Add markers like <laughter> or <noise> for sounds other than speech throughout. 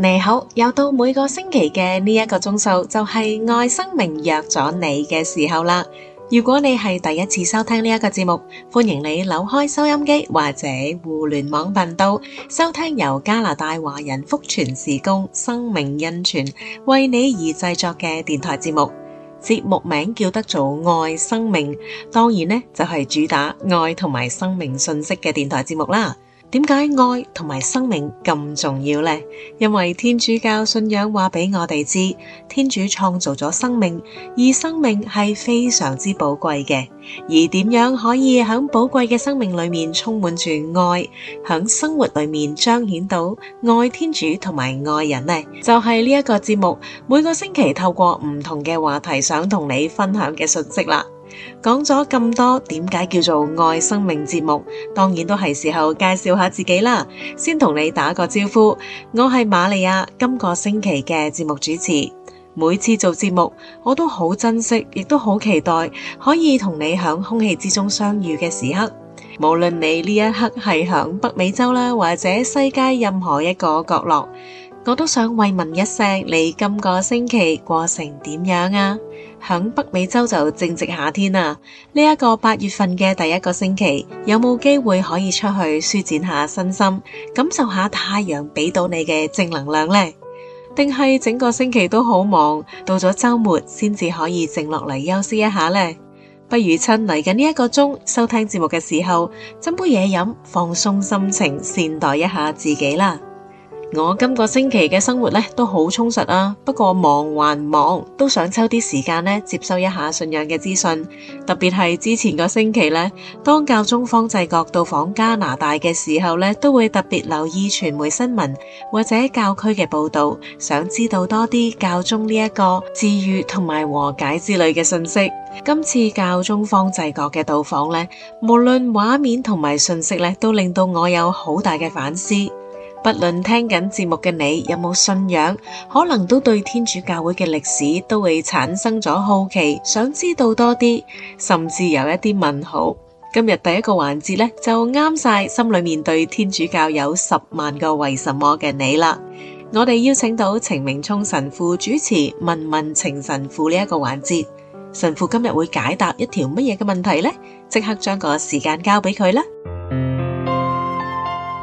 你好，又到每個星期嘅呢一個鐘數，就係愛生命約咗你嘅時候啦。如果你係第一次收聽呢一個節目，歡迎你扭開收音機或者互聯網頻道收聽，由加拿大華人福傳事工生命恩泉為你而製作嘅電台節目。節目名叫得做愛生命，當然呢，就係主打愛同埋生命信息嘅電台節目啦。點解愛同埋生命咁重要呢？因為天主教信仰話俾我哋知，天主創造咗生命，而生命係非常之寶貴嘅。而點樣可以喺寶貴嘅生命裏面充滿住愛，喺生活裏面彰顯到愛天主同埋愛人呢？就係呢一個節目，每個星期透過唔同嘅話題，想同你分享嘅信息啦。講咗咁多，點解叫做愛生命節目？當然都係時候介紹下自己啦，先同你打個招呼。我係瑪利亞，今個星期嘅節目主持。每次做節目，我都好珍惜，亦都好期待可以同你響空氣之中相遇嘅時刻。無論你呢一刻係響北美洲啦，或者世界任何一個角落，我都想慰問一聲你今個星期過成點樣啊！響北美洲就正值夏天啦，呢一個八月份嘅第一個星期，有冇有機會可以出去舒展下身心，感受下太陽俾到你嘅正能量呢？定係整個星期都好忙，到咗周末先至可以靜落嚟休息一下呢？不如趁嚟緊呢一個鐘收聽節目嘅時候，斟杯嘢飲，放鬆心情，善待一下自己啦！我今個星期嘅生活呢都好充實啊，不過忙還忙，都想抽啲時間呢，接收一下信仰嘅資訊。特別係，之前個星期呢，當教宗方濟各到訪加拿大嘅時候呢，都會特別留意傳媒新聞或者教區嘅報道，想知道多啲教宗呢一個治癒同埋和解之類嘅信息。今次教宗方濟各嘅到訪呢，無論畫面同埋信息呢，都令到我有好大嘅反思。不論聽緊節目嘅你有冇信仰，可能都對天主教會嘅歷史都會產生咗好奇，想知道多啲，甚至有一啲問號。今日第一個環節咧就啱晒心裏面對天主教有十萬個為什麼嘅你啦！我哋邀請到程明聰神父主持問問程神父呢一個環節，神父今日會解答一條乜嘢嘅問題呢？即刻將個時間交俾佢啦！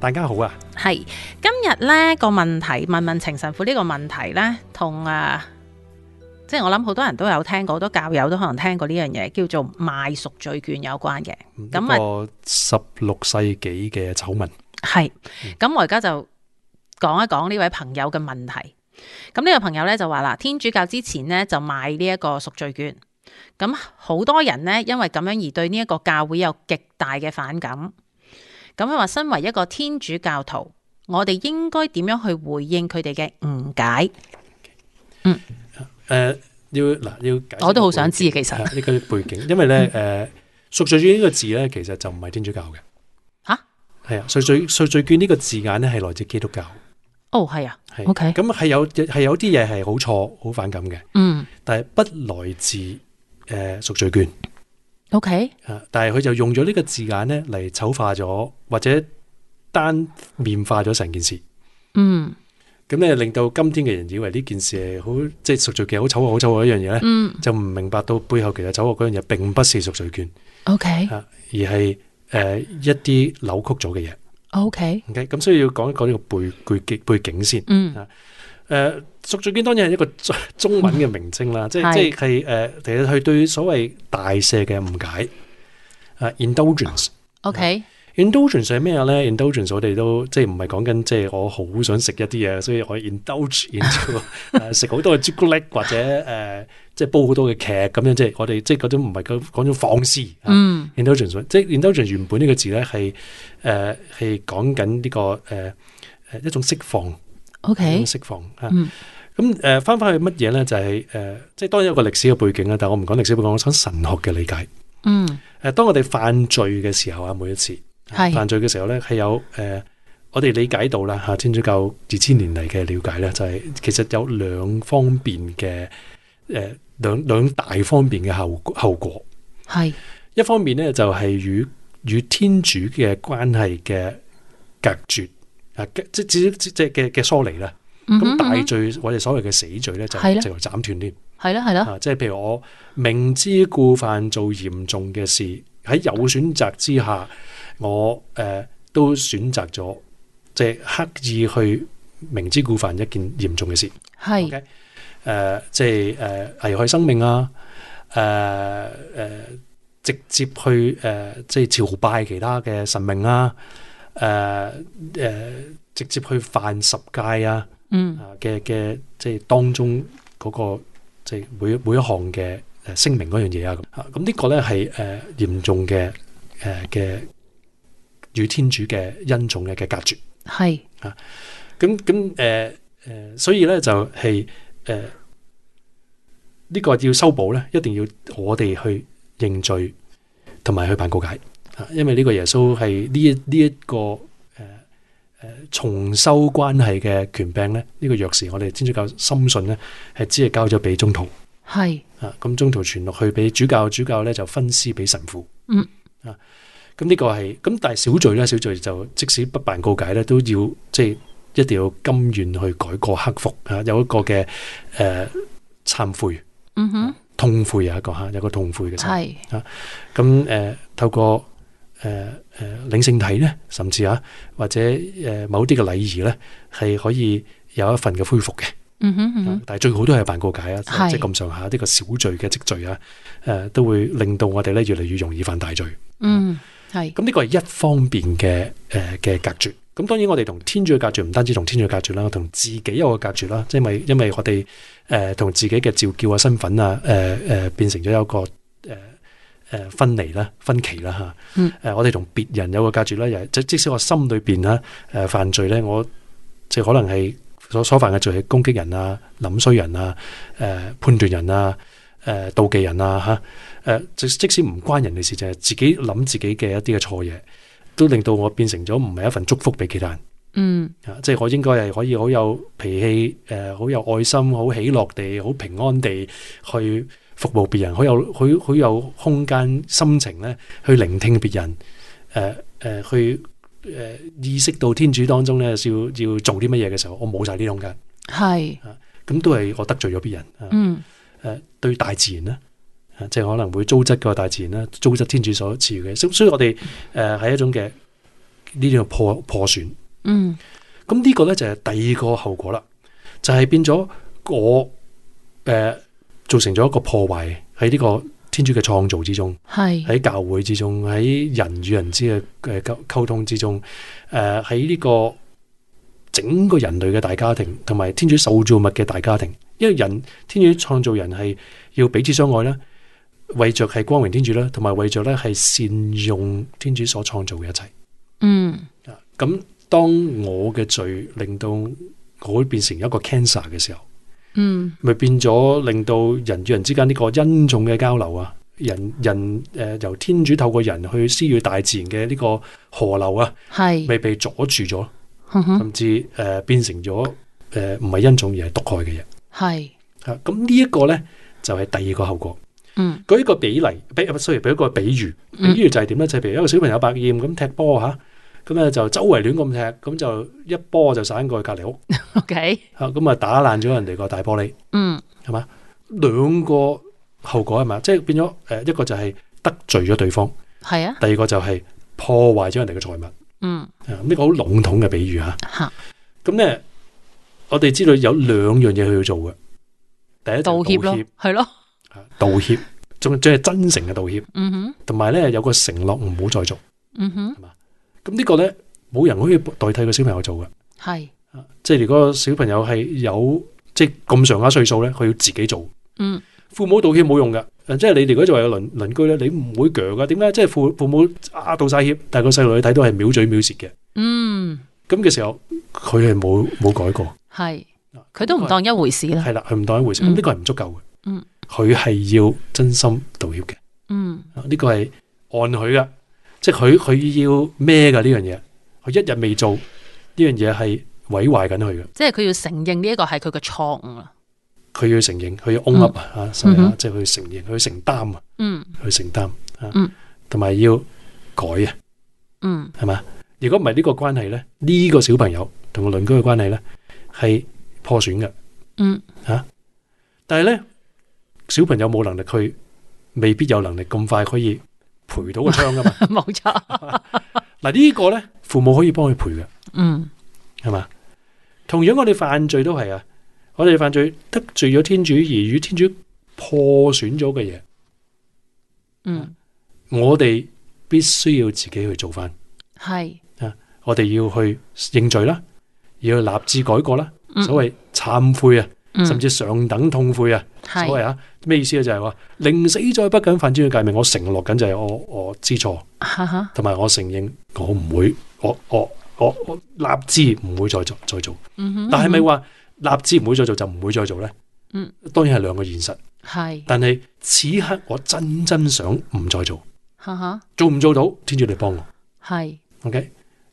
大家好啊！係今日咧個問題，問問情神父呢個問題咧，同啊，即係我諗好多人都有聽過，好多教友都可能聽過呢樣嘢，叫做賣贖罪券有關嘅。咁、嗰個十六世紀嘅醜聞係。咁我而家就講一講呢位朋友嘅問題。咁呢位朋友咧就話啦，天主教之前呢，就賣呢一個贖罪券，咁好多人呢，因為咁樣而對呢一個教會有極大嘅反感。咁樣話，身為一個天主教徒，我哋應該點樣去回應佢哋嘅誤解？Okay. 嗯，誒、uh,，要嗱，要解，我都好想知其實呢個背景， <laughs> 因為咧，誒，贖罪券呢個字咧，其實就唔係天主教嘅。吓，係啊，贖罪、yeah, 贖罪券呢個字眼咧，係來自基督教。哦，係啊 yeah,，OK。咁係有係有啲嘢係好錯，好反感嘅。嗯，但係不來自誒贖罪券。O K，啊，但係佢就用咗呢個字眼咧嚟醜化咗，或者單面化咗成件事。嗯，咁咧令到今天嘅人以為呢件事係好即係贖罪券好醜惡好醜惡一樣嘢咧，就唔、是嗯、明白到背後其實醜惡嗰樣嘢並不是贖罪券。O、okay, K，啊，而係誒、呃、一啲扭曲咗嘅嘢。O K，O K，咁所以要講一講呢個背背景背景先。嗯，啊，誒、呃。最最贖罪券當然係一個中文嘅名晶名稱啦、嗯，即係即係誒，其實佢對所謂大赦嘅誤解、uh, indulgence, okay. 啊，indulgence。O K. indulgence 係咩咧？indulgence 我哋都即係唔係講緊，即係我好想食一啲嘢，所以我 indulge，食好、 <laughs> 啊、多嘅朱古力或者誒、啊，即係煲好多嘅劇咁樣，即係我哋即係嗰種唔係講講種放肆。嗯、啊，indulgence 即係 indulgence 原本個呢、呃這個字咧係誒係講緊呢個誒誒一種釋放。OK，釋放吓，咁誒翻翻去乜嘢咧？就係誒，即係當然有個歷史嘅背景啦，但係我唔講歷史背景，我講，我講我想神學嘅理解。嗯，誒，當我哋犯罪嘅時候啊，每一次犯罪嘅時候咧，係有誒，我哋理解到啦吓，天主教二千年嚟嘅了解咧，就係其實有兩方面嘅誒兩兩大方面嘅後後果。係一方面咧，就係與與天主嘅關係嘅隔絕。即係嘅嘅疏離啦，咁大罪我哋所謂嘅死罪咧，就就斬斷添。係啦係啦，即係譬如我明知故犯做嚴重嘅事，喺有選擇之下，我誒、呃、都選擇咗，即係刻意去明知故犯一件嚴重嘅事，係，誒、okay? 呃、即係誒、呃、危害生命啊，誒、呃、誒直接去誒、呃、即係朝拜其他嘅神明啊。誒、呃、誒、呃，直接去犯十誡啊，嗯，嘅、啊、嘅，即係、就是、當中嗰、那個即係、就是、每每一項嘅聲明嗰樣嘢啊，咁咁呢個咧係誒嚴重嘅誒嘅與天主嘅恩寵嘅嘅隔絕，係啊，咁咁誒誒，所以咧就係誒呢個要修補咧，一定要我哋去認罪同埋去辦告解。因為呢個耶穌係呢呢一個誒誒、呃、重修關係嘅權柄咧，呢、這個鑰匙我哋天主教深信咧係只係交咗俾宗徒，係啊，咁宗徒傳落去俾主教，主教咧就分施俾神父，嗯啊咁呢、這個係咁，但係小罪咧，小罪就即使不辦告解咧，都要即係、就是、一定要甘願去改過克服吓、啊，有一個嘅誒懺悔，嗯、哼，痛悔有一個吓，有一個痛悔嘅，係啊，咁誒、啊呃、透過。誒、呃、誒，領、呃、性體咧，甚至啊，或者誒、呃、某啲嘅禮儀咧，係可以有一份嘅恢復嘅。嗯哼，嗯哼，但係最好都係辦告解啊，即係咁上下呢個小罪嘅積聚啊，誒、呃、都會令到我哋咧越嚟越容易犯大罪。嗯，係、嗯。咁、嗯、呢個係一方面嘅誒嘅隔絕。咁當然我哋同天主嘅隔絕唔單止同天主嘅隔絕啦，同自己有個隔絕啦。即、就、係、是、因為因為我哋誒同自己嘅召叫的啊、身份啊，誒、呃、誒變成咗一個誒。呃誒，分離啦，分歧啦，吓。誒，我哋同別人有個隔絕啦。又即即使我心裏邊啦，誒犯罪咧，我即可能係所所犯嘅罪係攻擊人啊、諗衰人啊、誒判斷人啊、誒、呃、妒忌人啊，嚇、呃。誒即即使唔關人哋事，就係自己諗自己嘅一啲嘅錯嘢，都令到我變成咗唔係一份祝福俾其他人。嗯，啊，即我應該係可以好有脾氣，誒好有愛心，好喜樂地，好平安地去。服務別人，佢有佢佢有空間心情咧，去聆聽別人，誒、呃、誒、呃，去誒、呃、意識到天主當中咧，要要做啲乜嘢嘅時候，我冇晒呢種嘅，係，咁、啊、都係我得罪咗別人、啊，嗯，誒、啊，對大自然咧，即、啊、係、就是、可能會糟質個大自然啦，糟質天主所賜嘅，所所以我，我哋誒係一種嘅呢啲嘅破破損，嗯，咁呢個咧就係、是、第二個後果啦，就係、是、變咗我誒。呃造成咗一個破壞喺呢個天主嘅創造之中，喺教會之中，喺人與人之嘅誒溝通之中，誒喺呢個整個人類嘅大家庭，同埋天主受造物嘅大家庭，因為人天主創造人係要彼此相愛啦，為着係光榮天主啦，同埋為着咧係善用天主所創造嘅一切。嗯，啊，咁當我嘅罪令到我變成一個 cancer 嘅時候。嗯，咪變咗令到人與人之間呢個恩寵嘅交流啊，人人誒、呃、由天主透過人去施與大自然嘅呢個河流啊，係未被阻住咗、嗯，甚至誒、呃、變成咗誒唔係恩寵而係毒害嘅嘢，係咁、啊、呢一個咧就係、是、第二個後果。嗯，舉一個比例，譬如 sorry 俾一個比喻，比喻就係點咧，就係、是、譬如一個小朋友百厭咁踢波吓。咁咧就周圍亂咁踢，咁就一波就散過去隔籬屋。OK，吓咁啊打爛咗人哋個大玻璃。嗯，係嘛，兩個後果係嘛，即係變咗誒，一個就係得罪咗對方，係啊。第二個就係破壞咗人哋嘅財物。嗯，呢個好籠統嘅比喻吓。吓、嗯、咁、啊、咧我哋知道有兩樣嘢佢要做嘅，第一道歉，道歉咯，係咯，道歉仲即係真誠嘅道歉。嗯哼，同埋咧有，呢有個承諾唔好再做。嗯哼，係嘛。咁呢個咧，冇人可以代替個小朋友做嘅，係，即係如果個小朋友係有即係咁上下歲數咧，佢要自己做，嗯，父母道歉冇用嘅，即係你哋如果作為個鄰鄰居咧，你唔會強㗎。點解？即係父父母阿、啊、道晒歉，但係個細路女睇到係藐嘴藐舌嘅，嗯，咁嘅時候，佢係冇冇改過，係，佢都唔當一回事啦，係啦，佢唔當一回事，咁、嗯、呢個係唔足夠嘅，嗯，佢係要真心道歉嘅，嗯，呢、啊這個係按佢㗎。即係佢佢要孭噶呢樣嘢？佢一日未做呢樣嘢，係毀壞緊佢嘅。即係佢要承認呢一個係佢嘅錯誤啦。佢要承認，佢要 own up、嗯、啊，吓，即係佢承認，佢承擔啊，嗯，佢、去、承擔、嗯、啊，嗯，同埋要改啊，嗯，係嘛？如果唔係呢個關係咧，呢、這個小朋友同個鄰居嘅關係咧係破損嘅，嗯，吓、啊。但係咧，小朋友冇能力去，佢未必有能力咁快可以。賠到槍 <laughs> 沒錯笑個槍噶嘛，冇錯。嗱呢個咧，父母可以幫佢賠嘅，嗯，係嘛。同樣我哋犯罪都係啊，我哋犯罪得罪咗天主而與天主破損咗嘅嘢，嗯，我哋必須要自己去做返，係啊，我哋要去認罪啦，要去立志改過啦，所謂懺悔啊。嗯嗯甚至上等痛悔啊，嗯、所謂啊，咩意思啊？就係話寧死再不謹犯罪嘅誡命，我承諾緊就係我我知錯，同埋我承認我唔會，我我我我，我立志唔會再做再做。嗯、但係咪話立志唔會再做就唔會再做咧、嗯？當然係兩個現實，係。但係此刻我真真想唔再做，哈哈做唔做到？天主你幫我係。OK，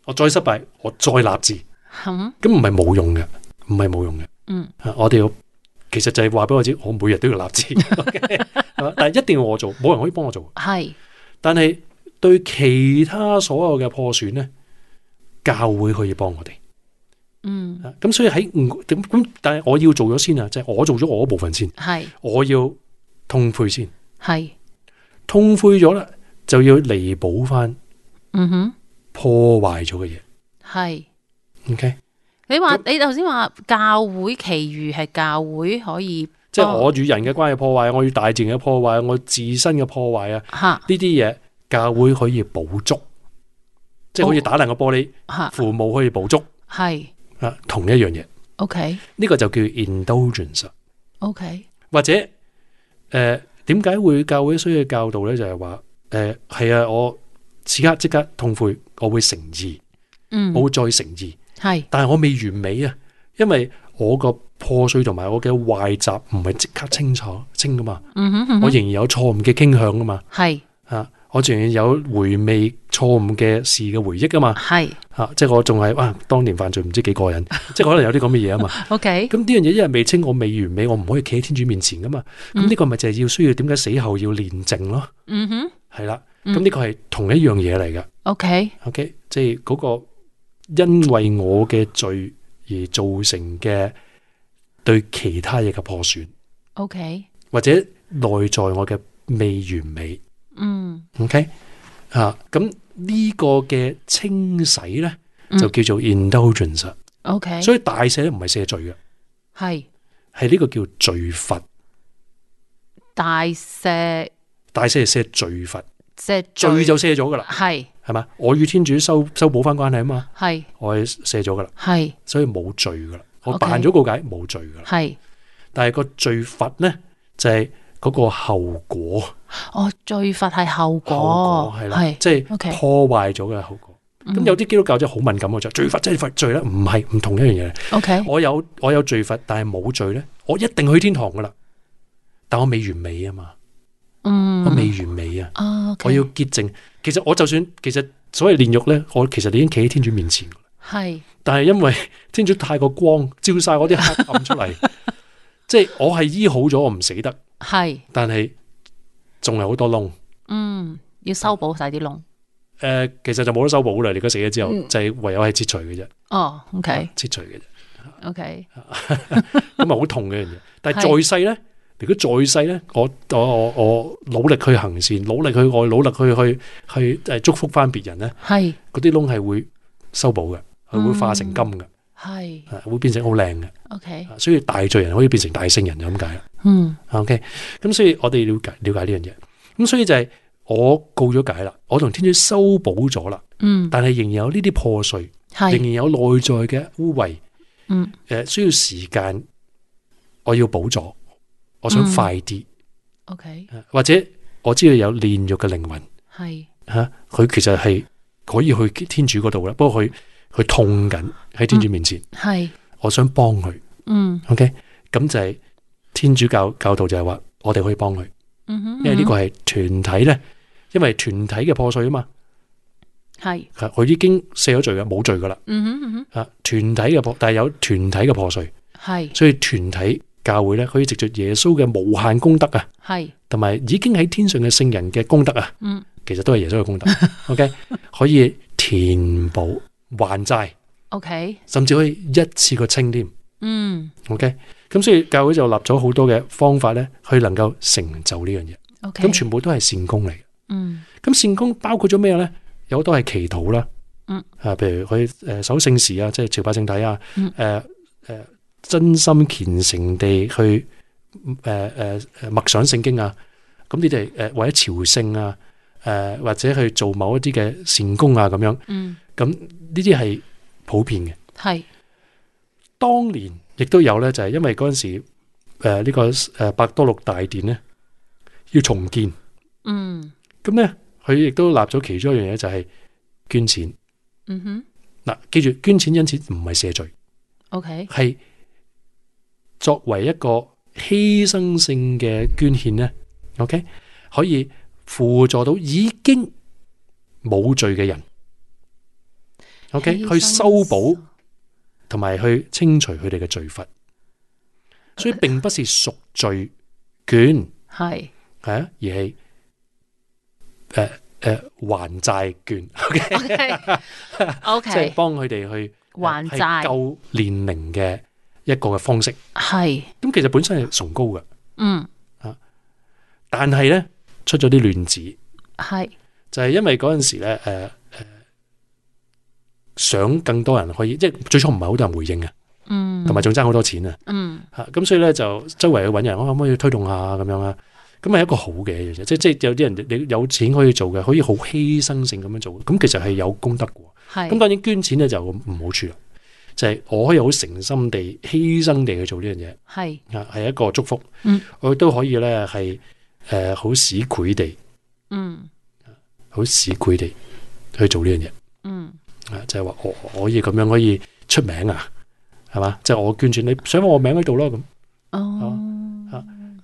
我再失敗，我再立志，咁唔係冇用嘅，唔係冇用嘅。嗯，我們，我哋要其實就係話俾我知，我每日都要立志，okay? <laughs> 但係一定要我做，冇人可以幫我做。係，但係對其他所有嘅破損咧，教會可以幫我哋。嗯、啊，咁所以喺點咁，但係我要做咗先啊，就係、是、我做咗我部分先。係，我要痛悔先。係，通灰痛悔咗咧就要彌補翻。嗯哼，破壞咗嘅嘢。係，OK。你話你頭先話教會其餘係教會可以，即係我與人嘅關係破壞，我與大自然嘅破壞，我自身嘅破壞啊，呢啲嘢教會可以補足，哦，即係可以打爛個玻璃，父母可以補足，係啊，同一樣嘢。OK，呢個就叫 indulgence。OK，或者誒，點解，呃，會教會需要教導咧？就係話誒，係、呃、啊，我此刻即刻痛悔，我會誠意，嗯，我會再誠意。係，但係我未完美啊，因為我個破碎同埋我嘅壞習唔係即刻清楚清噶嘛，我仍然有錯誤嘅傾向噶嘛，係啊，我仍然有回味錯誤嘅事嘅回憶噶嘛，係啊，即係我仲係哇，當年犯罪唔知幾過癮， <laughs> 即係可能有啲咁嘅嘢啊嘛，OK，咁呢樣嘢因為未清，我未完美，我唔可以企喺天主面前噶嘛，咁呢個咪就係要需要點解死後要煉淨咯，係、嗯、啦，咁呢個係同一樣嘢嚟噶，OK，OK，即係、嗰個。因為我嘅罪而造成嘅對其他嘢嘅破損，OK，或者內在我嘅未完美，嗯，OK，啊，咁呢個嘅清洗咧就叫做 indulgence，OK，嗯，OK，所以大赦唔係赦罪嘅，係，係呢個叫罪罰，大赦，大赦係赦罪罰，即係罪就赦咗噶啦，係。係嘛？我與天主修修補翻關係啊嘛，係我卸咗噶啦，係所以冇罪噶啦，okay,，我辦咗告解冇罪噶啦，係但係個罪罰呢就係、是、嗰個後果，哦罪罰係後果係啦，即係破壞咗嘅後果。咁，okay, okay, 有啲基督教者好敏感嘅，um, 罪罰即係罰罪咧，唔係唔同一樣嘢 okay,。我有我有罪罰，但係冇罪咧，我一定去天堂噶啦，但我未完美啊嘛，嗯，um,，我未完美啊，uh, okay,，我要潔淨。其實我就算，其實所謂煉獄咧，我其實你已經企喺天主面前噶啦。係，但係因為天主太過光，照晒我啲黑暗出嚟， <laughs> 即係我係醫好咗，我唔死得。係，但係仲有好多窿。嗯，要修補晒啲窿。誒、呃，其實就冇得修補啦，你而家死咗之後，嗯、就係、唯有係切除嘅啫。哦，OK、啊、切除嘅啫。OK，咁啊好痛嘅樣嘢，但係再細咧。如果在世咧，我我我,我努力去行善，努力去愛，我努力去去去誒祝福返別人咧，係嗰啲窿係會修補嘅，係會化成金嘅，係、嗯，會變成好靚嘅。OK，所以大罪人可以變成大聖人就咁解啦。嗯，O K，咁所以我哋了解了解呢樣嘢，咁所以就係我告咗解啦，我同天主修補咗啦。嗯，但係仍然有呢啲破碎，仍然有內在嘅污穢。嗯，誒、呃，需要時間，我要補咗。我想快啲、嗯、，OK，或者我知道有煉獄嘅靈魂，係吓佢其實係可以去天主嗰度啦。不過佢佢痛緊喺天主面前，係、嗯、我想幫佢，嗯，OK，咁就係天主教教導就係話我哋可以幫佢、嗯，因為呢個係團體咧、嗯，因為團體嘅破碎啊嘛，係佢已經卸咗罪啊，冇罪噶啦，嗯哼團、嗯嗯、體嘅破，但係有團體嘅破碎，係、嗯、所以團體。教會咧可以藉著耶穌嘅無限功德啊，係，同埋已經喺天上嘅聖人嘅功德啊，嗯，其實都係耶穌嘅功德 <laughs> ，OK，可以填補還債，OK，甚至可以一次過清添，嗯，OK，咁所以教會就立咗好多嘅方法咧，去能夠成就呢樣嘢，OK，咁全部都係善功嚟嘅，嗯，咁善功包括咗咩咧？有好多係祈禱啦，嗯，啊，譬如佢誒守聖時啊，即係朝拜聖體啊，誒誒。真心虔誠地去誒誒誒默想聖經啊，咁你哋誒或者朝聖啊，誒或者去做某一啲嘅善功啊，咁樣，嗯，咁呢啲係普遍嘅，係當年亦都有咧，就係、是、因為嗰陣時誒呢、呃這個誒伯多祿大殿咧要重建，嗯，咁咧佢亦都立咗其中一樣嘢就係捐錢，嗯哼，嗱記住捐錢因此唔係赦罪，OK 係。作為一個犧牲性嘅捐獻咧，OK，可以輔助到已經冇罪嘅人，OK，去修補同埋去清除佢哋嘅罪罰，所以並不是贖罪券，係、啊、係而係誒誒還債券，OK，即係幫佢哋去還債夠年齡嘅。一個嘅方式係，咁其實本身係崇高嘅，嗯啊，但係咧出咗啲亂子，係就係、是，因為嗰陣時咧，誒、呃、誒、呃、想更多人可以，即係最初唔係好多人回應嘅，嗯，同埋仲爭好多錢啊，嗯，吓、啊、咁所以咧就周圍去搵人，可唔可以推動下咁樣啊？咁係一個好嘅嘢，即係即係有啲人你有錢可以做嘅，可以好犧牲性咁樣做，咁其實係有功德嘅，係。咁當然捐錢咧就唔好處。就係我可以好誠心地犧牲地去做呢樣嘢，係啊，係一個祝福。嗯，我都可以咧係誒好市儈地，嗯，好市儈地去做呢樣嘢。嗯，啊就係話我，我可以咁樣可以出名啊，係嘛？就我捐錢，你想我名喺度咯咁。哦，嚇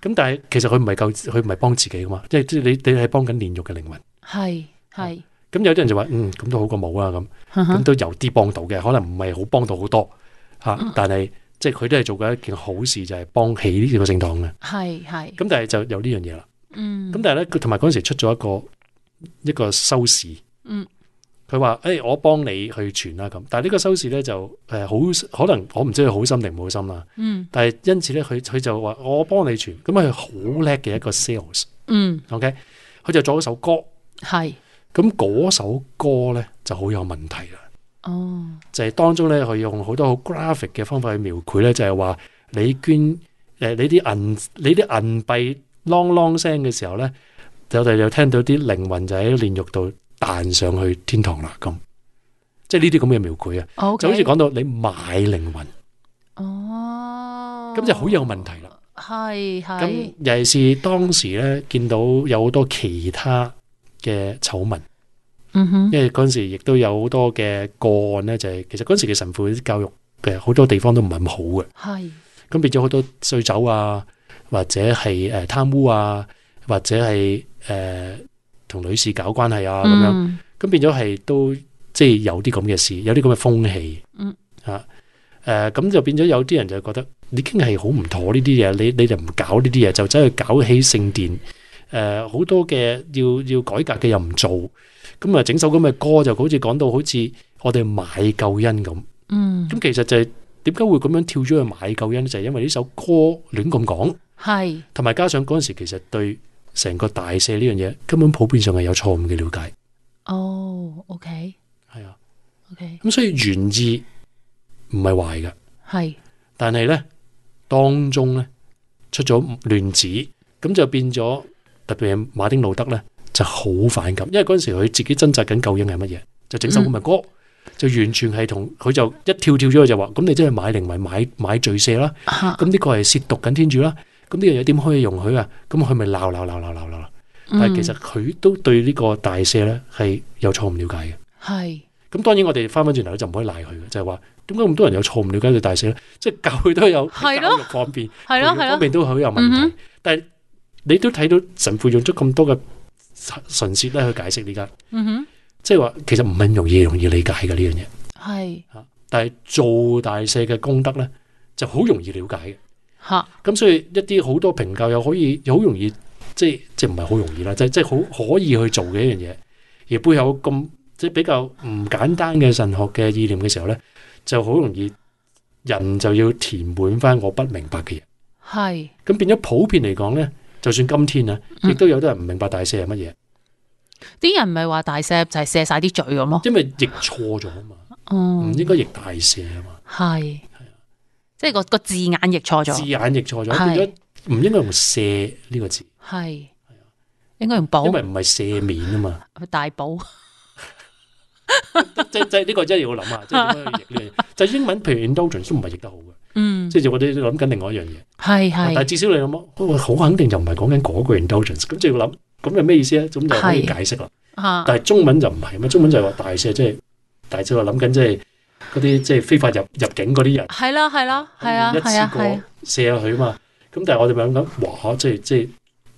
咁，但係其實佢唔係夠，佢唔係幫自己噶嘛，即係即係你你係幫緊煉獄嘅靈魂。係係。咁有啲人就話，嗯，咁都好過冇啊，咁，咁都有啲幫到嘅，可能唔係好幫到好多，吓、嗯，但係即係佢都係做緊一件好事，就係、是、幫起呢個政黨嘅，係係，咁但係就有呢樣嘢啦，嗯，咁但係咧，佢同埋嗰陣時出咗一個一個收視，嗯，佢話，誒、欸，我幫你去傳啦，咁，但係呢個收視咧就，誒，好，可能我唔知佢好心定唔好心啦、嗯，但係因此咧，佢佢就話，我幫你傳，咁佢好叻嘅一個 sales，嗯，OK，佢就做咗首歌，係。咁嗰首歌咧就好有問題啦。哦、oh.，就係當中咧，佢用好多好 graphic 嘅方法去描繪咧，就係、是、話你捐誒、呃，你啲銀你啲銀幣啷啷聲嘅時候咧，就哋又聽到啲靈魂就喺煉獄度彈上去天堂啦。咁即係呢啲咁嘅描繪啊，okay. 就好似講到你買靈魂。哦，咁就好有問題啦。係係。咁尤其是當時咧，oh. 見到有好多其他嘅醜聞，嗯哼，因為嗰陣時亦都有好多嘅個案咧，就是，就係其實嗰陣時嘅神父教育嘅好多地方都唔係咁好嘅，係，咁變咗好多醉酒啊，或者係誒貪污啊，或者係誒同女士搞關係啊咁樣，咁、嗯、變咗係都即係、就是、有啲咁嘅事，有啲咁嘅風氣，嗯，啊，誒、呃，咁就變咗有啲人就覺得已經係好唔妥呢啲嘢，你你就唔搞呢啲嘢，就走去搞起聖殿。誒，好多嘅要要改革嘅又唔做，咁啊整首咁嘅歌就好似講到好似我哋買救恩咁，嗯，咁其實就係點解會咁樣跳咗去買救恩咧？就係因為呢首歌亂咁講，係，同埋加上嗰陣時其實對成個大赦呢樣嘢根本普遍上係有錯誤嘅了解，哦，OK，係啊，OK，咁所以原意唔係壞㗎，係，但係咧當中咧出咗亂子，咁就變咗。特別係馬丁路德咧就好反感，因為嗰陣時佢自己掙扎緊究竟係乜嘢，就整首牧民歌，嗯，就完全係同佢就一跳跳咗就話，咁你真係買靈魂、買買罪赦啦，咁、啊，呢個係褻瀆緊天主啦，咁呢樣嘢點可以容許啊？咁佢咪鬧鬧鬧鬧鬧鬧？但係其實佢都對呢個大赦咧係有錯誤了解嘅。係。咁當然我哋翻翻轉頭就唔可以賴佢嘅，就係話點解咁多人有錯誤了解對大赦咧？即、就、係、是、教會都有教育方面，方面都好有問題，問題，嗯、但係。你都睇到神父用咗咁多嘅唇舌咧去解釋呢家，嗯哼，即係話其實唔係咁容易容易理解嘅呢樣嘢，係，但係做大赦嘅功德咧就好容易了解嘅，吓，咁所以一啲好多評價又可以又好容易，即係即係唔係好容易啦，就即係好可以去做嘅一樣嘢，而背後咁即係比較唔簡單嘅神學嘅意念嘅時候咧，就好容易人就要填滿翻，我不明白嘅嘢，係，咁變咗普遍嚟講咧。就算今天啊，亦都有啲人唔明白大赦係乜嘢。啲、嗯、人唔係話大赦就係赦晒啲罪咁咯。因為譯錯咗啊嘛，唔應該譯大赦啊嘛。係，即係個個字眼譯錯咗，字眼譯錯咗，變咗唔應該用赦呢個字。係、啊，應該用保，因為唔係赦免啊嘛， <laughs> 大保寶。即係呢個真係要諗啊！即、就、係、是， <laughs> 就英文譬如 indulgence 都唔係譯得好嘅。嗯，即係我哋諗緊另外一樣嘢，係係，但係至少你諗好、哦、肯定就唔係講緊嗰個 indulgence，咁就要諗，咁係咩意思啊？咁就可以解釋啦。但係中文就唔係，咩中文就話大赦，即係大赦諗緊即係嗰啲即係非法入入境嗰啲人，係啦係啦，係啊係啊，嗯、一次過赦下佢啊嘛。咁但係我哋諗諗，哇！即係即係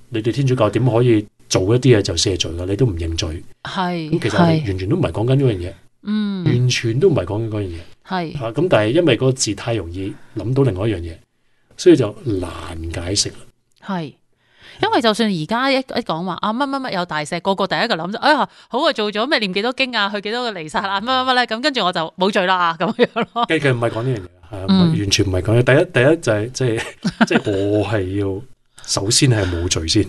你哋天主教點可以做一啲嘢就赦罪噶？你都唔認罪，係咁，其實我完全都唔係講緊呢樣嘢，完全都唔係講緊嗰樣嘢。嗯係咁，但係因為個字太容易諗到另外一樣嘢，所以就難解釋。係，因為就算而家一一講話啊乜乜乜有大石，個個第一個諗，哎呀好啊，我做咗咩念幾多經啊，去幾多個彌撒啊，乜乜乜咧，咁跟住我就冇罪啦咁樣咯。佢唔係講呢樣嘢，係、嗯、完全唔係講。第一第一就係即係即係我係要 <laughs> 首先係冇罪先。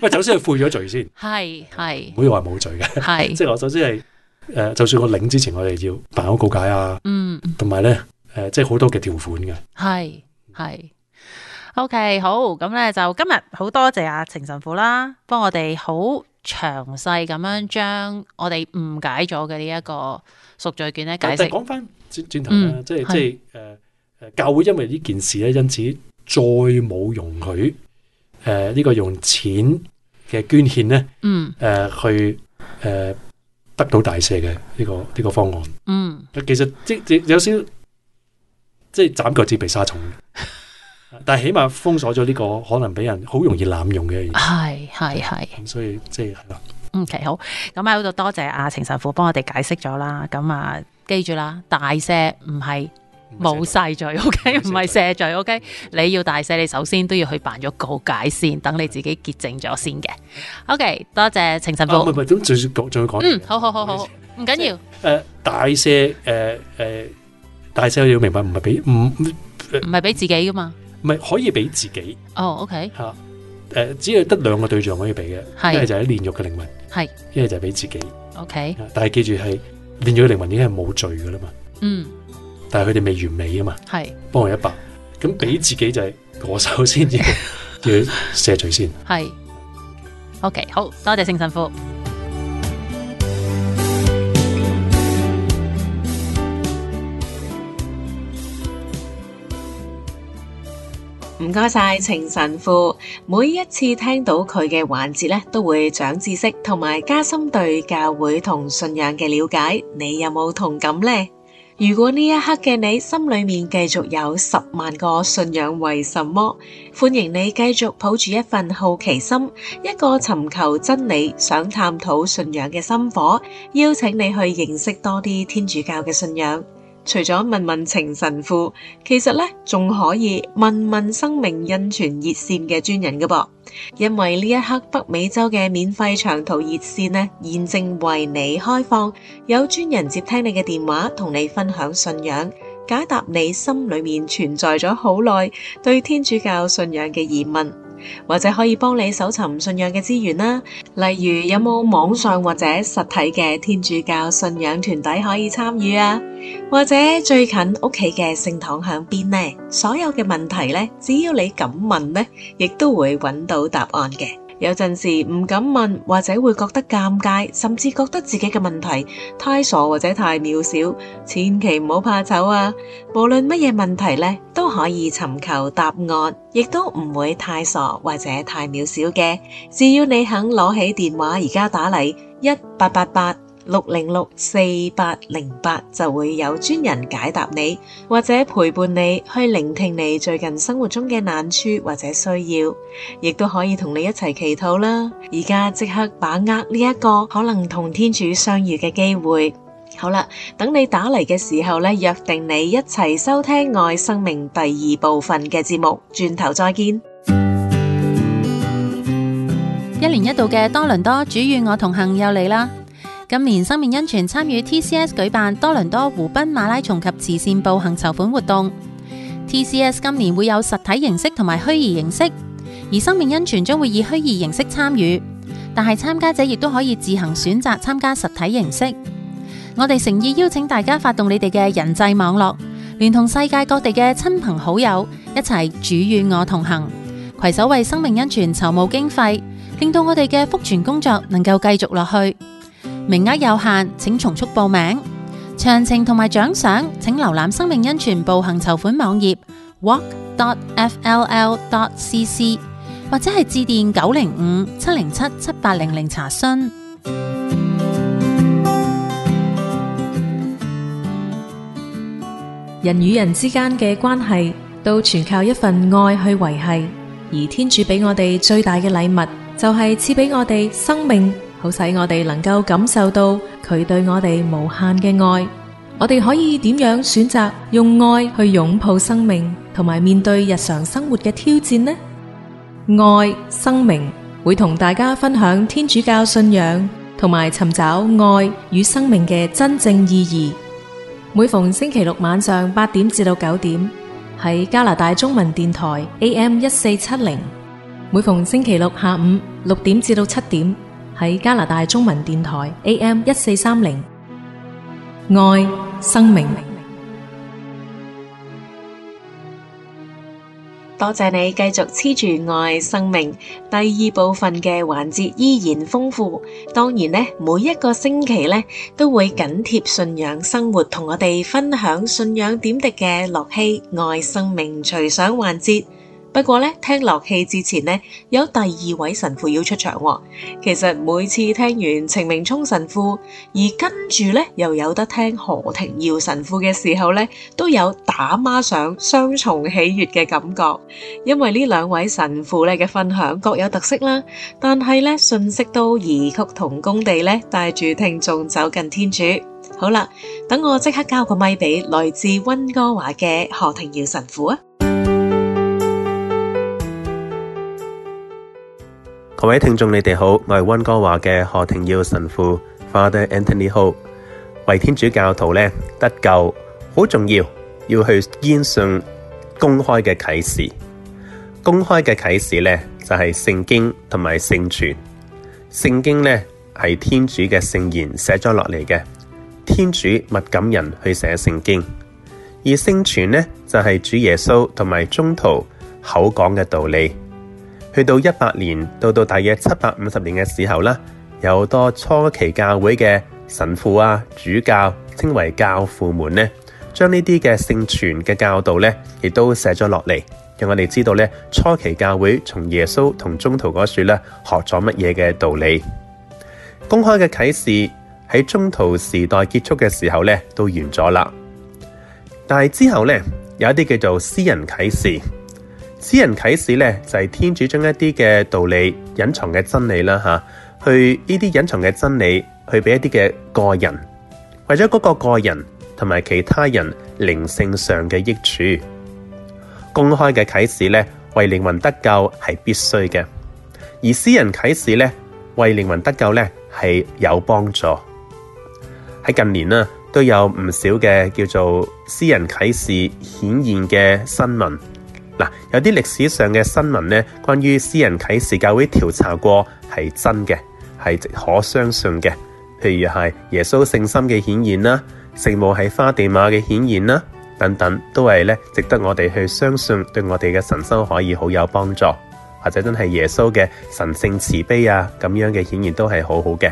喂， <laughs> 首先係負咗罪先。係係，唔好話冇罪嘅。係，即、就、係、是、我首先係。誒、呃，就算我領之前，我哋要辦好告解啊，嗯，同埋咧，誒、呃，即係好多嘅條款嘅，係係，OK，好，咁、嗯、咧就今日好多謝阿、啊、程神父啦，幫我哋好詳細咁樣將我哋誤解咗嘅呢一個贖罪券咧解釋。講翻轉轉頭啦，即係即係誒誒，教會因為呢件事咧，因此再冇容許誒呢個用錢嘅捐獻咧，嗯、呃，誒去誒。呃得到大赦嘅呢、這個呢、這個方案，嗯，其實即，即有少即係斬腳趾避沙蟲， <laughs> 但係起碼封鎖咗呢、這個可能俾人好容易濫用嘅嘢，係係係，咁所以即係啦。OK、嗯、好，咁喺度多謝阿程神父幫我哋解釋咗啦。咁啊，記住啦，大赦唔係，冇細罪，OK，唔係赦罪，OK。你要大赦，你首先都要去辦咗告解先，等你自己潔淨咗先嘅。OK，多謝情神父。唔係唔係，咁最最仲講。嗯，好好好好，唔緊要。誒，大赦，誒誒，大赦我要明白，唔係俾唔唔係俾自己噶嘛？唔係可以俾自己。哦，OK。吓，誒，只有得兩個對象可以俾嘅，係一係就係煉獄嘅靈魂，係一係就係俾自己。OK，但係記住係煉獄嘅靈魂已經係冇罪噶啦嘛。嗯。但係佢哋未完美啊嘛，係，幫我一百，咁俾自己就係我首先要要舍罪先，係，OK，好多謝聖神父，唔該晒，聖神父每一次聽到佢嘅環節呢，都會長知識同埋加深對教會同信仰嘅了解，你有冇同感呢？如果呢一刻嘅你心裏面繼續有十萬個信仰，為什麼？歡迎你繼續抱住一份好奇心，一個尋求真理、想探討信仰嘅心火，邀請你去認識多啲天主教嘅信仰。除咗問問情神父，其實呢仲可以問問生命印傳熱線嘅專人嘅噃，因為呢一刻北美洲嘅免費長途熱線呢，現正為你開放，有專人接聽你嘅電話，同你分享信仰。解答你心裏面存在咗好耐對天主教信仰嘅疑問，或者可以幫你搜尋信仰嘅資源啦。例如有冇網上或者實體嘅天主教信仰團體可以參與啊？或者最近屋企嘅聖堂響邊呢？所有嘅問題呢，只要你敢問呢，亦都會揾到答案嘅。有陣時唔敢問，或者會覺得尷尬，甚至覺得自己嘅問題太傻或者太渺小，千祈唔好怕醜啊！無論乜嘢問題呢，都可以尋求答案，亦都唔會太傻或者太渺小嘅。只要你肯攞起電話而家打嚟，一八八八。六零六四八零八就會有專人解答你，或者陪伴你去聆聽你最近生活中嘅難處或者需要，亦都可以同你一齊祈禱啦。而家即刻把握呢一個可能同天主相遇嘅機會。好啦，等你打嚟嘅時候呢，約定你一齊收聽愛生命第二部分嘅節目，轉頭再見。一年一度嘅多倫多主與我同行又嚟啦！今年生命恩泉參與 TCS 舉辦多倫多湖濱馬拉松及慈善步行籌款活動。TCS 今年會有實體形式同埋虛擬形式，而生命恩泉將會以虛擬形式參與，但係參加者亦都可以自行選擇參加實體形式。我哋誠意邀請大家發動你哋嘅人際網絡，聯同世界各地嘅親朋好友一齊主與我同行，攜手為生命恩泉籌募經費，令到我哋嘅福傳工作能夠繼續落去。名額有限，請從速報名。詳情同埋獎賞，請瀏覽生命恩泉步行籌款網頁 walk.dot.fll.dot.cc，或者係致電九零五七零七七八零零查詢。人與人之間嘅關係，都全靠一份愛去維繫。而天主俾我哋最大嘅禮物，就係賜俾我哋生命。好使我哋能夠感受到佢對我哋無限嘅愛，我哋可以點樣選擇用愛去擁抱生命，同埋面對日常生活嘅挑戰呢？愛生命會同大家分享天主教信仰，同埋尋找愛與生命嘅真正意義。每逢星期六晚上八點至到九點，喺加拿大中文電台 AM 一四七零，每逢星期六下午六點至到七點。喺加拿大中文電台 AM 一四三零，愛生命。多謝你繼續黐住愛生命。第二部分嘅環節依然豐富，當然呢，每一個星期呢都會緊貼信仰生活，同我哋分享信仰點滴嘅樂器愛生命隨想環節。不過咧，聽落戲之前有第二位神父要出場。其實每次聽完程明聰神父，而跟住又有得聽何庭耀神父嘅時候都有打孖上雙重喜悅嘅感覺。因為呢兩位神父咧嘅分享各有特色啦，但係咧信息都異曲同工地咧帶住聽眾走近天主。好啦，等我即刻交個咪俾來自溫哥華嘅何庭耀神父啊！各位聽眾，你哋好，我係溫哥華嘅何庭耀神父，Father Anthony Ho。為天主教徒呢，得救好重要，要去堅信公開嘅啟示。公開嘅啟示呢，就係聖經同埋聖傳。聖經呢，係天主嘅聖言寫咗落嚟嘅，天主默感人去寫聖經。而聖傳呢，就係主耶穌同埋宗徒口講嘅道理。去到一百年，到到大約七百五十年嘅時候啦，有多初期教會嘅神父啊、主教，稱為教父們咧，將呢啲嘅聖傳嘅教導咧，亦都寫咗落嚟，讓我哋知道咧，初期教會從耶穌同宗徒嗰處咧，學咗乜嘢嘅道理。公開嘅啟示喺宗徒時代結束嘅時候咧，都完咗啦。但係之後咧，有一啲叫做私人啟示。私人啟示呢，就係天主將一啲嘅道理隱藏嘅真理啦，啊、去呢啲隱藏嘅真理去畀一啲嘅個人，為咗嗰個個人同埋其他人靈性上嘅益處，公開嘅啟示呢，為靈魂得救係必須嘅，而私人啟示呢，為靈魂得救呢係有幫助。喺近年，啊、都有唔少嘅叫做私人啟示顯現嘅新聞。啊、有啲歷史上嘅新聞咧，關於私人啟示，教會調查過係真嘅，係值可相信嘅。譬如係耶穌聖心嘅顯現啦，聖母喺花地瑪嘅顯現啦，等等，都係咧值得我哋去相信，對我哋嘅神修可以好有幫助，或者真係耶穌嘅神聖慈悲啊，咁樣嘅顯現都係好好嘅。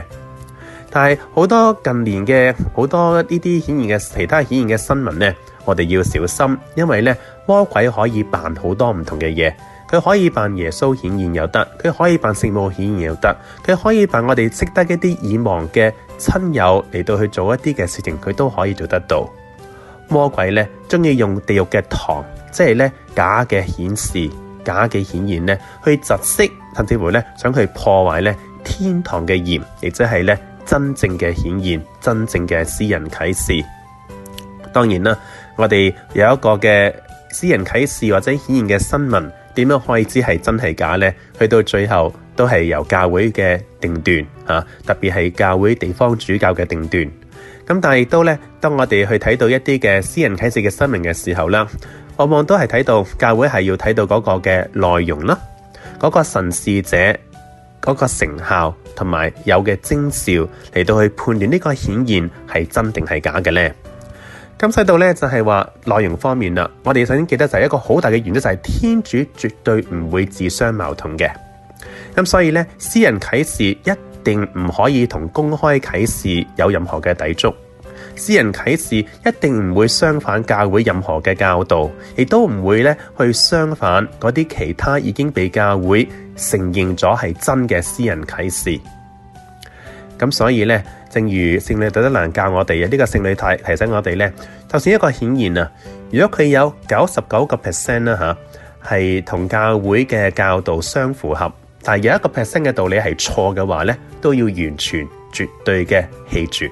但係好多近年嘅好多呢啲顯現嘅其他顯現嘅新聞呢，我哋要小心，因為呢。魔鬼可以扮好多唔同嘅嘢，佢可以扮耶穌顯現又得，佢可以扮聖母顯現又得，佢可以扮我哋識得一啲已亡嘅親友嚟到去做一啲嘅事情，佢都可以做得到。魔鬼呢，中意用地獄嘅糖，即係呢假嘅顯示，假嘅顯現呢去窒息，甚至乎呢想去破壞呢天堂嘅鹽，亦即係呢真正嘅顯現，真正嘅私人啟示。當然啦，我哋有一個嘅。私人啟示或者顯現嘅新聞，點樣可以知係真係假呢？去到最後都係由教會嘅定斷，啊，特別係教會地方主教嘅定斷。咁但係亦都咧，當我哋去睇到一啲嘅私人啟示嘅新聞嘅時候啦，往往都係睇到教會係要睇到嗰個嘅內容啦，嗰個神事者，嗰個成效同埋有嘅徵兆，嚟到去判斷呢個顯現係真定係假嘅呢。咁細到呢，就係話內容方面啦，我哋首先記得就係一個好大嘅原則，就係天主絕對唔會自相矛盾嘅。咁所以呢，私人啟示一定唔可以同公開啟示有任何嘅抵觸。私人啟示一定唔會相反教會任何嘅教導，亦都唔會呢去相反嗰啲其他已經被教會承認咗係真嘅私人啟示。咁所以呢。正如聖女德德蘭教我哋啊，呢個聖女太提醒我哋呢。就算一個顯現啊，如果佢有九十九個 percent 啦，吓係同教會嘅教導相符合，但係有一個 percent 嘅道理係錯嘅話呢，都要完全絕對嘅棄絕。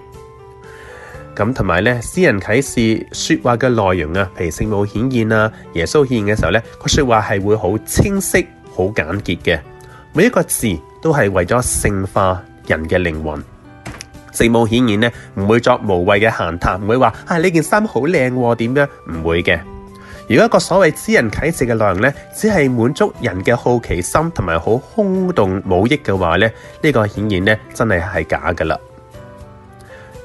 咁同埋呢，私人啟示說話嘅內容啊，譬如聖母顯現啊，耶穌獻嘅時候呢，個說話係會好清晰，好簡潔嘅，每一個字都係為咗聖化人嘅靈魂。聖母顯現咧唔會作無謂嘅閒談，唔會話啊呢件衫好靚點樣，唔會嘅。如果一個所謂私人啟示嘅內容咧，只係滿足人嘅好奇心同埋好空洞冇益嘅話咧，呢個顯現咧真係係假噶啦。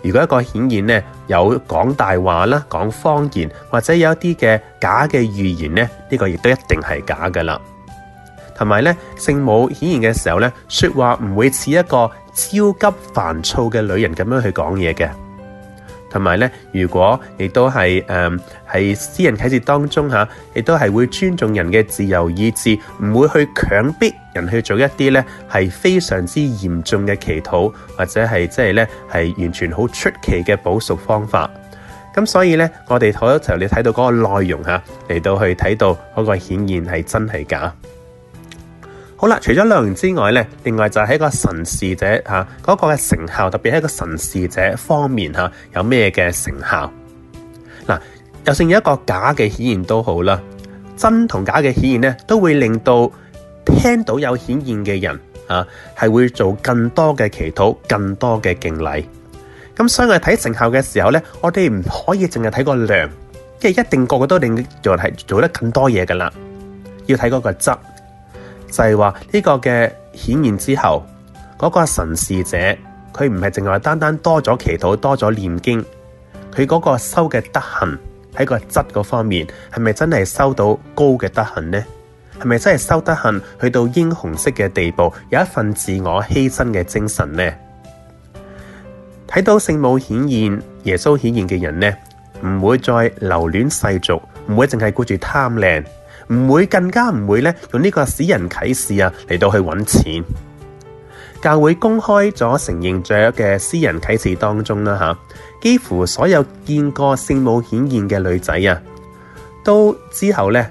如果一個顯現咧有講大話啦，講方言或者有一啲嘅假嘅預言咧，呢個亦都一定係假噶啦。同埋咧，聖母顯現嘅時候咧，說話唔會似一個，超級煩躁嘅女人咁樣去講嘢嘅，同埋呢，如果亦都係誒，係、呃、私人啟示當中吓，亦都係會尊重人嘅自由意志，唔會去強迫人去做一啲呢係非常之嚴重嘅祈禱，或者係即係呢係完全好出奇嘅補贖方法。咁所以呢，我哋好多時候你睇到嗰個內容吓，嚟到去睇到嗰個顯現係真係假的。好啦，除咗量之外咧，另外就係一個神事者吓嗰、啊那個嘅成效，特別係一個神事者方面吓、啊、有咩嘅成效？嗱、啊，就算有一個假嘅顯現都好啦，真同假嘅顯現咧，都會令到聽到有顯現嘅人啊，係會做更多嘅祈禱，更多嘅敬禮。咁所以我睇成效嘅時候咧，我哋唔可以淨係睇個量，即係一定個個都定做係做得更多嘢噶啦，要睇嗰個質。就係話呢個嘅顯現之後，嗰、那個神事者，佢唔係淨係話單單多咗祈禱，多咗念經，佢嗰個修嘅德行喺個質嗰方面，係咪真係修到高嘅德行呢？係咪真係修德行，去到英雄式嘅地步，有一份自我犧牲嘅精神呢？睇到聖母顯現、耶穌顯現嘅人呢，唔會再留戀世俗，唔會淨係顧住貪靚。唔會，更加唔會咧，用呢個私人啟示啊嚟到去揾錢。教會公開咗承認咗嘅私人啟示當中啦，吓幾乎所有見過聖母顯現嘅女仔啊，都之後咧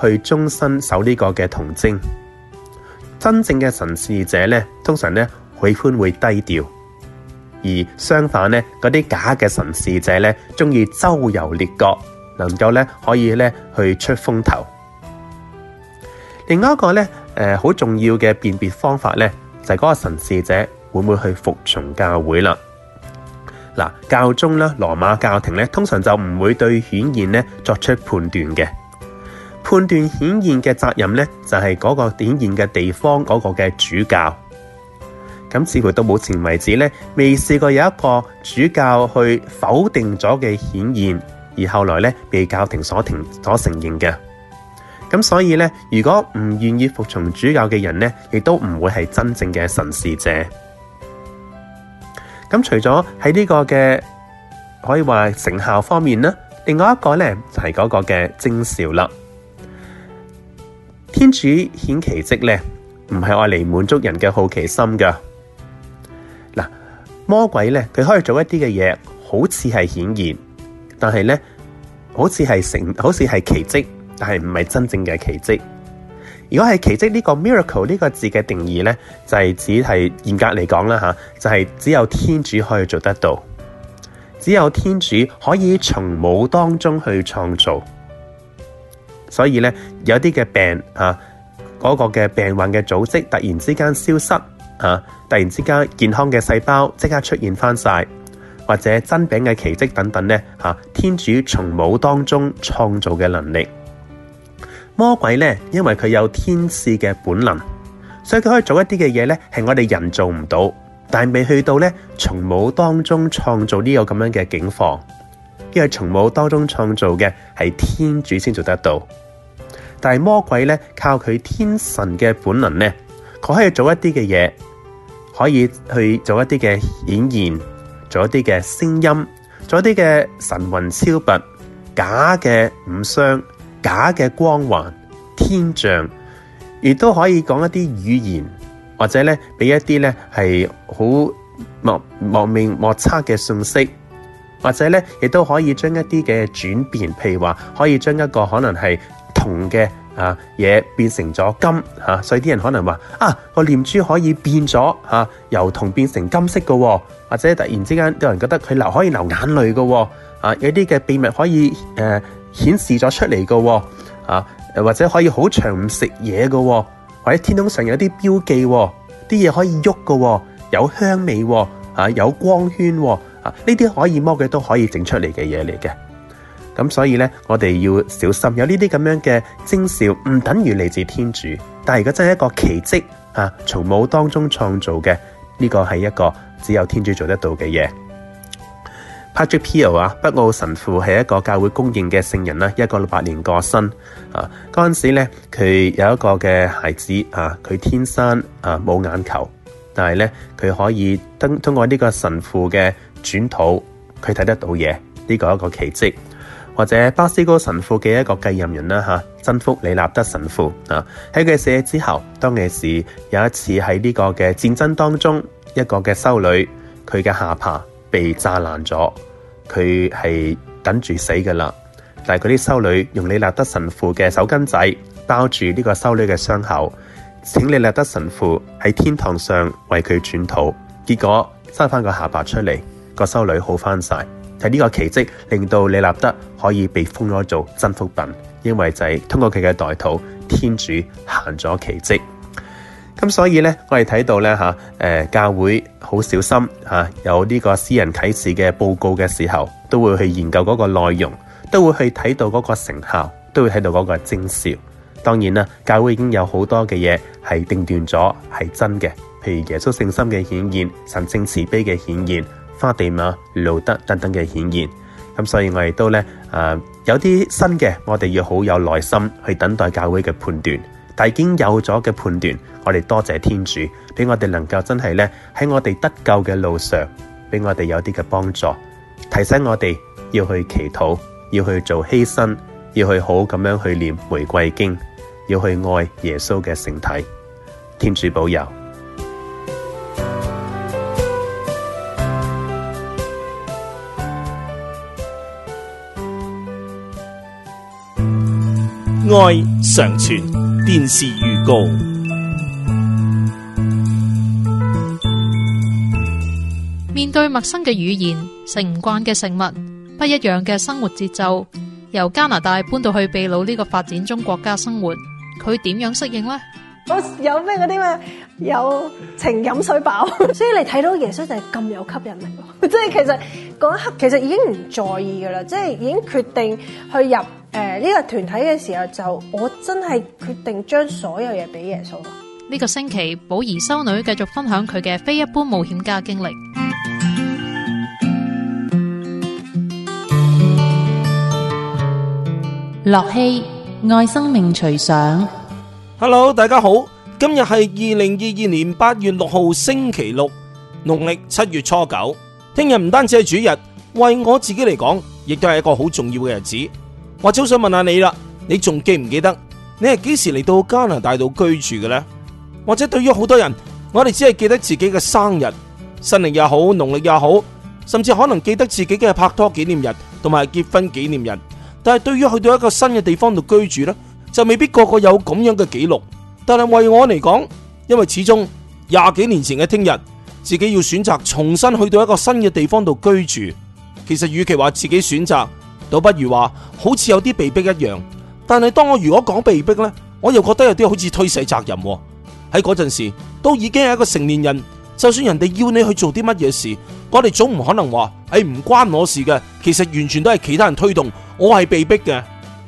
去終身守呢個嘅童貞。真正嘅神視者咧，通常咧喜歡會低調，而相反咧嗰啲假嘅神視者咧，中意周遊列國，能夠咧可以咧去出風頭。另外一個咧，誒好重要嘅辨別方法咧，就係嗰個神事者會唔會去服從教會啦？嗱，教宗咧，羅馬教廷咧，通常就唔會對顯現咧作出判斷嘅。判斷顯現嘅責任咧，就係嗰個顯現嘅地方嗰個嘅主教。咁似乎到目前為止咧，未試過有一個主教去否定咗嘅顯現，而後來咧被教廷所停所承認嘅。咁所以咧，如果唔願意服從主教嘅人咧，亦都唔會係真正嘅神事者。咁除咗喺呢個嘅，可以話成效方面啦，另外一個咧就係嗰個嘅徵兆啦。天主顯奇迹咧，唔係愛嚟滿足人嘅好奇心噶。嗱，魔鬼咧佢可以做一啲嘅嘢，好似係顯現，但係咧好似係成，好似係奇迹。但係唔係真正嘅奇蹟。如果係奇蹟，呢個 miracle 呢個字嘅定義呢，就係只係嚴格嚟講啦，吓，就係只有天主可以做得到，只有天主可以從冇當中去創造。所以呢，有啲嘅病嚇嗰個嘅病患嘅組織突然之間消失嚇，突然之間健康嘅細胞即刻出現翻晒，或者真餅嘅奇蹟等等呢，嚇，天主從冇當中創造嘅能力。魔鬼咧，因為佢有天使嘅本能，所以佢可以做一啲嘅嘢咧，係我哋人做唔到，但係未去到咧，從冇當中創造呢個咁樣嘅境況，因為從冇當中創造嘅係天主先做得到，但係魔鬼咧，靠佢天神嘅本能咧，佢可以做一啲嘅嘢，可以去做一啲嘅顯現，做一啲嘅聲音，做一啲嘅神魂超拔，假嘅五傷。假嘅光環、天象，亦都可以講一啲語言，或者咧俾一啲咧係好莫莫名莫測嘅信息，或者咧亦都可以將一啲嘅轉變，譬如話可以將一個可能係銅嘅啊嘢變成咗金嚇、啊，所以啲人可能話啊個念珠可以變咗嚇、啊、由銅變成金色嘅、哦，或者突然之間有人覺得佢流可以流眼淚嘅、哦，啊有啲嘅秘密可以誒。呃顯示咗出嚟個喎，啊，或者可以好長唔食嘢嘅喎，或者天空上有啲標記，啲嘢可以喐嘅喎，有香味喎，啊，有光圈喎，啊，呢啲可以摸嘅都可以整出嚟嘅嘢嚟嘅。咁所以呢，我哋要小心，有呢啲咁樣嘅徵兆，唔等於嚟自天主。但係如果真係一個奇蹟，啊，從冇當中創造嘅呢，呢個係一個只有天主做得到嘅嘢。Patrick Pio 啊，不奧神父係一個教會公認嘅聖人啦，一個八年過身啊。嗰陣時咧，佢有一個嘅孩子啊，佢天生啊冇眼球，但係呢，佢可以通過過呢個神父嘅轉土，佢睇得到嘢呢個一個奇蹟。或者巴斯哥神父嘅一個繼任人啦嚇，真福李納德神父啊，喺佢死了之後，當嘅是有一次喺呢個嘅戰爭當中，一個嘅修女佢嘅下巴。被炸爛咗，佢係等住死噶啦。但係嗰啲修女用李納德神父嘅手巾仔包住呢個修女嘅傷口，請李納德神父喺天堂上為佢轉禱，結果生翻個下巴出嚟，個修女好翻晒。就係、是、呢個奇蹟令到李納德可以被封咗做真福品，因為就係通過佢嘅代禱，天主行咗奇蹟。咁所以咧，我哋睇到咧吓，誒教會好小心吓，有呢個私人啟示嘅報告嘅時候，都會去研究嗰個內容，都會去睇到嗰個成效，都會睇到嗰個徵兆。當然啦，教會已經有好多嘅嘢係定斷咗係真嘅，譬如耶穌聖心嘅顯現、神聖慈悲嘅顯現、花地瑪、路德等等嘅顯現。咁所以我哋都咧，誒有啲新嘅，我哋要好有耐心去等待教會嘅判斷。但已經有咗嘅判斷，我哋多謝天主，俾我哋能夠真係呢喺我哋得救嘅路上，俾我哋有啲嘅幫助，提醒我哋要去祈禱，要去做犧牲，要去好咁樣去念玫瑰經，要去愛耶穌嘅聖體。天主保佑，愛常存。電視預告：面對陌生嘅語言、食唔慣嘅食物、不一樣嘅生活節奏，由加拿大搬到去秘魯呢個發展中國家生活，佢點樣適應呢？有咩嗰啲咩有情飲水飽， <laughs> 所以你睇到耶穌就係咁有吸引力咯。即 <laughs> 係其實嗰一刻其實已經唔在意噶啦，即係已經決定去入。誒，呢個團體嘅時候就我真係決定將所有嘢俾耶穌啦。呢個星期，寶兒修女繼續分享佢嘅非一般冒險家經歷。樂器愛生命隨想。Hello，大家好，今日係二零二二年八月六號星期六，農曆七月初九。聽日唔單止係主日，為我自己嚟講，亦都係一個好重要嘅日子。或者我就想問下你啦，你仲記唔記得你係幾時嚟到加拿大度居住嘅呢？或者對於好多人，我哋只係記得自己嘅生日，新曆也好、農曆也好，甚至可能記得自己嘅拍拖紀念日同埋結婚紀念日，但係對於去到一個新嘅地方度居住呢，就未必個個有咁樣嘅記錄。但係為我嚟講，因為始終廿幾年前嘅聽日，自己要選擇重新去到一個新嘅地方度居住，其實與其話自己選擇。倒不如話好似有啲被逼一樣，但係當我如果講被逼呢，我又覺得有啲好似推卸責任喎。喺嗰陣時都已經係一個成年人，就算人哋要你去做啲乜嘢事，我哋總唔可能話係唔關我事嘅。其實完全都係其他人推動，我係被逼嘅。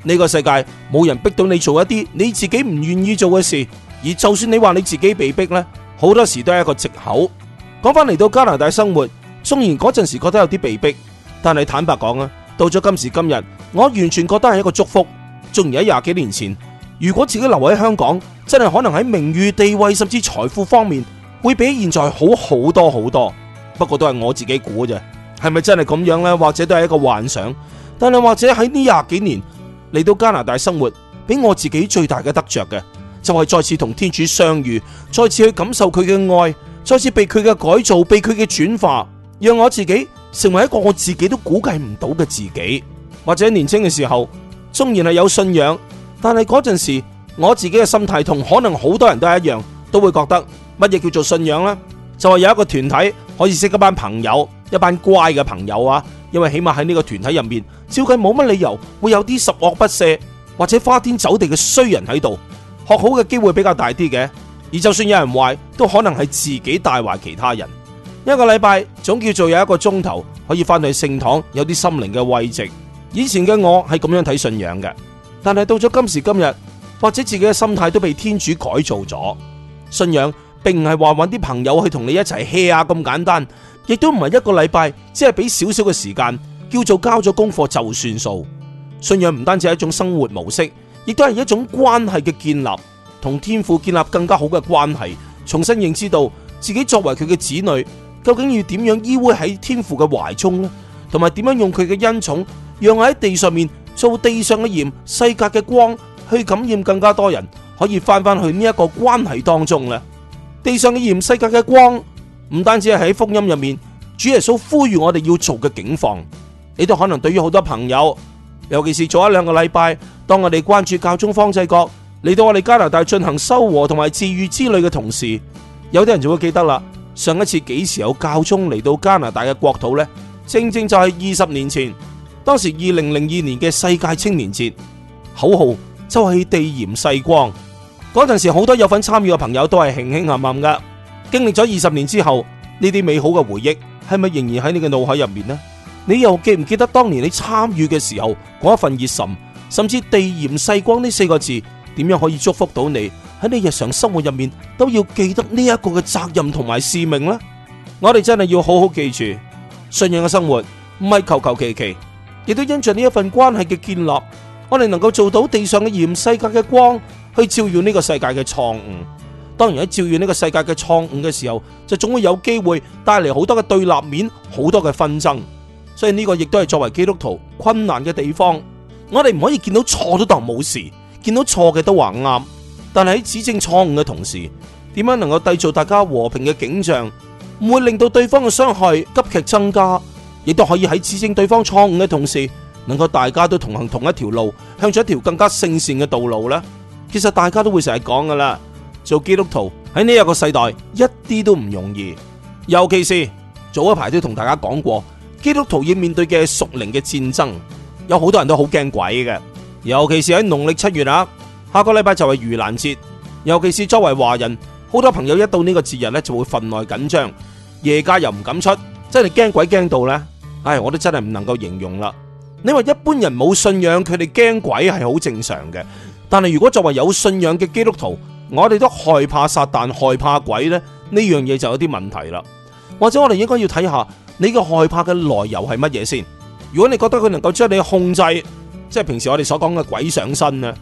呢個世界冇人逼到你做一啲你自己唔願意做嘅事，而就算你話你自己被逼呢，好多時都係一個借口。講翻嚟到加拿大生活，雖然嗰陣時覺得有啲被逼，但係坦白講啊。到咗今時今日，我完全覺得係一個祝福。仲有喺廿幾年前，如果自己留喺香港，真係可能喺名譽地位甚至財富方面，會比現在好好多好多。不過都係我自己估嘅啫，係咪真係咁樣呢？或者都係一個幻想。但係或者喺呢廿幾年嚟到加拿大生活，俾我自己最大嘅得着嘅，就係再次同天主相遇，再次去感受佢嘅愛，再次被佢嘅改造，被佢嘅轉化，讓我自己。成為一個我自己都估計唔到嘅自己。或者年輕嘅時候，縱然係有信仰，但係嗰陣時我自己嘅心態同可能好多人都係一樣，都會覺得乜嘢叫做信仰呢？就係有一個團體可以識一班朋友，一班乖嘅朋友啊，因為起碼喺呢個團體入面，照計冇乜理由會有啲十惡不赦或者花天酒地嘅衰人喺度，學好嘅機會比較大啲嘅。而就算有人壞，都可能係自己帶壞其他人。一個禮拜總叫做有一個鐘頭可以翻去聖堂，有啲心靈嘅慰藉。以前嘅我係咁樣睇信仰嘅，但係到咗今時今日，或者自己嘅心態都被天主改造咗。信仰並唔係話搵啲朋友去同你一齊 hea 咁簡單，亦都唔係一個禮拜只係俾少少嘅時間，叫做交咗功課就算數。信仰唔單止係一種生活模式，亦都係一種關係嘅建立，同天父建立更加好嘅關係，重新認知到自己作為佢嘅子女。究竟要點樣依偎喺天父嘅懷中呢？同埋點樣用佢嘅恩寵，讓喺地上面做地上嘅鹽、世界嘅光，去感染更加多人，可以翻翻去呢一個關係當中咧。地上嘅鹽、世界嘅光，唔單止係喺福音入面，主耶穌呼籲我哋要做嘅警方。你都可能對於好多朋友，尤其是早一兩個禮拜，當我哋關注教宗方濟各嚟到我哋加拿大進行修和同埋治愈之類嘅同時，有啲人就會記得啦。上一次幾時有教宗嚟到加拿大嘅國土呢？正正就係二十年前，當時二零零二年嘅世界青年節，口號就係地鹽世光。嗰陣時好多有份參與嘅朋友都係興興冚冚噶。經歷咗二十年之後，呢啲美好嘅回憶係咪仍然喺你嘅腦海入面呢？你又記唔記得當年你參與嘅時候嗰一份熱忱，甚至地鹽世光呢四個字點樣可以祝福到你？喺你日常生活入面都要記得呢一個嘅責任同埋使命啦。我哋真係要好好記住，信仰嘅生活唔係求求其其，亦都因着呢一份關係嘅建立，我哋能夠做到地上嘅鹽世界嘅光，去照耀呢個世界嘅錯誤。當然喺照耀呢個世界嘅錯誤嘅時候，就總會有機會帶嚟好多嘅對立面，好多嘅紛爭。所以呢個亦都係作為基督徒困難嘅地方。我哋唔可以見到錯都當冇事，見到錯嘅都話啱。但係喺指正錯誤嘅同時，點樣能夠締造大家和平嘅景象，唔會令到對方嘅傷害急劇增加，亦都可以喺指正對方錯誤嘅同時，能夠大家都同行同一條路，向住一條更加聖善嘅道路呢？其實大家都會成日講噶啦，做基督徒喺呢一個世代一啲都唔容易，尤其是早一排都同大家講過，基督徒要面對嘅屬靈嘅戰爭，有好多人都好驚鬼嘅，尤其是喺農曆七月啊。下個禮拜就係盂蘭節，尤其是作為華人，好多朋友一到呢個節日咧就會分外緊張，夜間又唔敢出，真係驚鬼驚到呢。唉，我都真係唔能夠形容啦。你話一般人冇信仰，佢哋驚鬼係好正常嘅，但係如果作為有信仰嘅基督徒，我哋都害怕撒旦、害怕鬼呢，呢樣嘢就有啲問題啦。或者我哋應該要睇下你嘅害怕嘅來由係乜嘢先。如果你覺得佢能夠將你控制，即係平時我哋所講嘅鬼上身咧。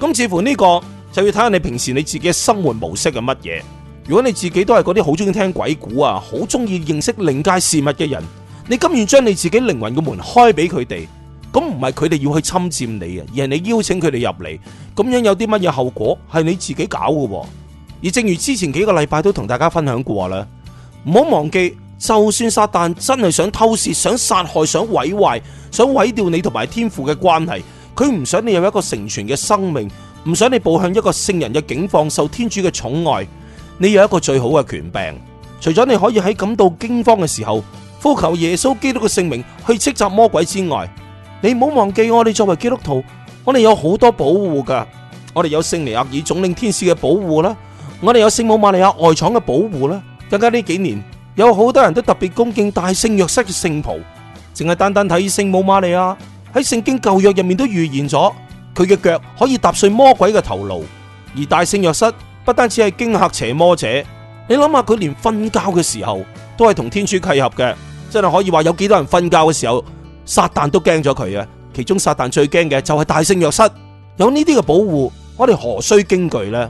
咁，似乎呢個就要睇下你平時你自己嘅生活模式係乜嘢。如果你自己都係嗰啲好中意聽鬼故啊，好中意認識靈界事物嘅人，你甘願將你自己靈魂嘅門開俾佢哋？咁唔係佢哋要去侵佔你啊，而係你邀請佢哋入嚟。咁樣有啲乜嘢後果？係你自己搞嘅。而正如之前幾個禮拜都同大家分享過啦，唔好忘記，就算撒旦真係想偷竊、想殺害、想毀壞、想毀掉你同埋天父嘅關係。佢唔想你有一個成全嘅生命，唔想你步向一個聖人嘅境況，受天主嘅寵愛。你有一個最好嘅權柄，除咗你可以喺感到驚慌嘅時候，呼求耶穌基督嘅聖名去斥責魔鬼之外，你唔好忘記我哋作為基督徒，我哋有好多保護㗎，我哋有聖彌額爾總領天使嘅保護啦，我哋有聖母瑪利亞外廠嘅保護啦，更加呢幾年有好多人都特別恭敬大聖若瑟嘅聖袍，淨係單單睇聖母瑪利亞。喺聖經舊約入面都預言咗，佢嘅腳可以踏碎魔鬼嘅頭顱，而大聖約瑟不單止係驚嚇邪魔者，你諗下，佢連瞓覺嘅時候都係同天主契合嘅，真係可以話有幾多人瞓覺嘅時候撒旦都驚咗佢啊！其中撒旦最驚嘅就係大聖約瑟，有呢啲嘅保護，我哋何須驚懼呢？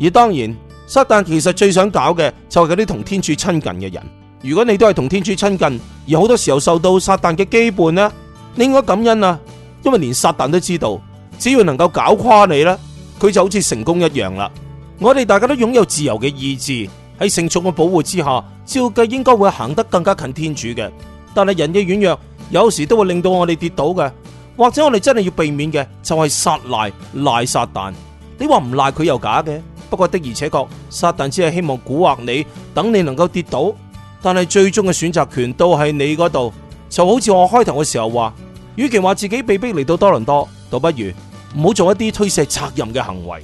而當然，撒旦其實最想搞嘅就係嗰啲同天主親近嘅人。如果你都係同天主親近，而好多時候受到撒旦嘅羈絆呢？你應該感恩啊，因為連撒旦都知道，只要能夠搞垮你啦，佢就好似成功一樣啦。我哋大家都擁有自由嘅意志，喺聖寵嘅保護之下，照計應該會行得更加近天主嘅。但係人嘅軟弱，有時都會令到我哋跌倒嘅，或者我哋真係要避免嘅就係、是、撒賴賴撒旦。你話唔賴佢又假嘅，不過的而且確，撒旦只係希望蠱惑你，等你能夠跌倒。但係最終嘅選擇權都係你嗰度。就好似我開頭嘅時候話，與其話自己被逼嚟到多倫多，倒不如唔好做一啲推卸責任嘅行為，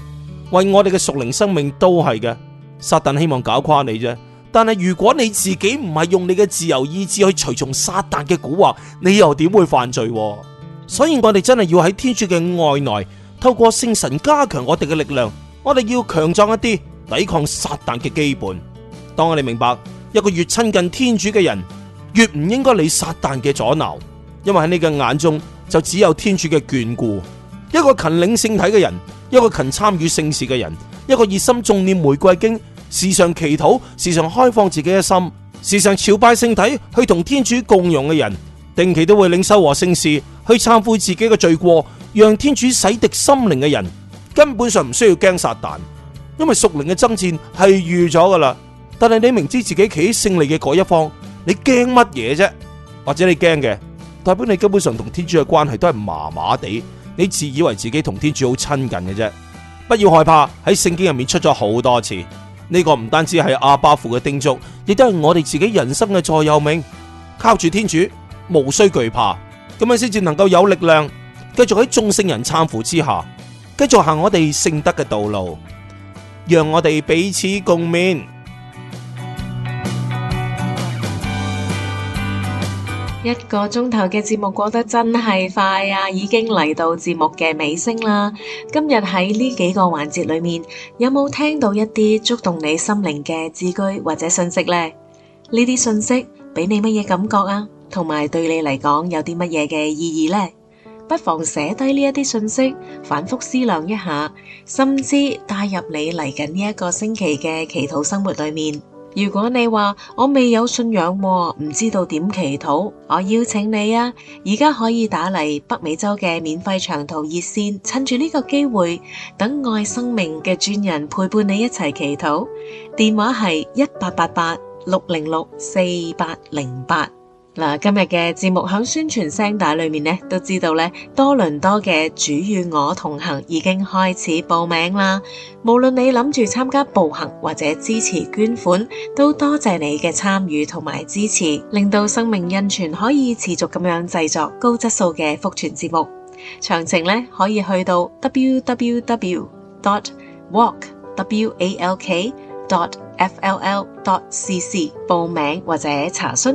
為我哋嘅屬靈生命都係嘅。撒旦希望搞垮你啫，但係如果你自己唔係用你嘅自由意志去隨從撒旦嘅蠱惑，你又點會犯罪？所以我哋真係要喺天主嘅愛內透過聖神加強我哋嘅力量，我哋要強壯一啲抵抗撒旦嘅基本。當我哋明白一個越親近天主嘅人。.越唔應該理撒旦嘅阻撓，因為喺你嘅眼中就只有天主嘅眷顧。一個勤領聖體嘅人，一個勤參與聖事嘅人，一個熱心誦念玫瑰經、時常祈禱、時常開放自己嘅心、時常朝拜聖體去同天主共融嘅人，定期都會領修和聖事去懺悔自己嘅罪過，讓天主洗滌心靈嘅人，根本上唔需要驚撒旦，因為屬靈嘅爭戰係預咗噶啦。但係你明知自己企喺勝利嘅嗰一方。你驚乜嘢啫？或者你驚嘅，代表你根本上同天主嘅關係都係麻麻地。你自以為自己同天主好親近嘅啫。不要害怕，喺聖經入面出咗好多次。呢個唔單止係阿巴父嘅叮囑，亦都係我哋自己人生嘅座右銘。靠住天主，無需懼怕。咁樣先至能夠有力量，繼續喺眾聖人攙扶之下，繼續行我哋聖德嘅道路。讓我哋彼此共勉。一個鐘頭嘅節目過得真係快呀，啊，已經嚟到節目嘅尾聲啦。今日喺呢幾個環節裏面，有冇有聽到一啲觸動你心靈嘅字句或者信息呢？呢啲信息俾你乜嘢感覺啊？同埋對你嚟講有啲乜嘢嘅意義呢？不妨寫低呢一啲信息，反復思量一下，甚至帶入你嚟緊呢一個星期嘅祈禱生活裏面。如果你話我未有信仰，唔知道點祈禱，我邀請你啊！而家可以打嚟北美洲嘅免費長途熱線，趁住呢個機會，等愛生命嘅專人陪伴你一齊祈禱。電話係一八八八六零六四八零八。嗱，今日嘅節目喺宣傳聲帶裏面都知道多倫多嘅主與我同行已經開始報名啦。無論你諗住參加步行或者支持捐款，都多謝你嘅參與同埋支持，令到生命恩泉可以持續咁樣製作高質素嘅福傳節目。詳情可以去到 w w w dot walk w a l k dot f l l dot c c 報名或者查詢。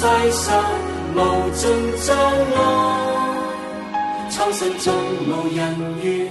世上無盡障礙，啊，蒼生中無人願。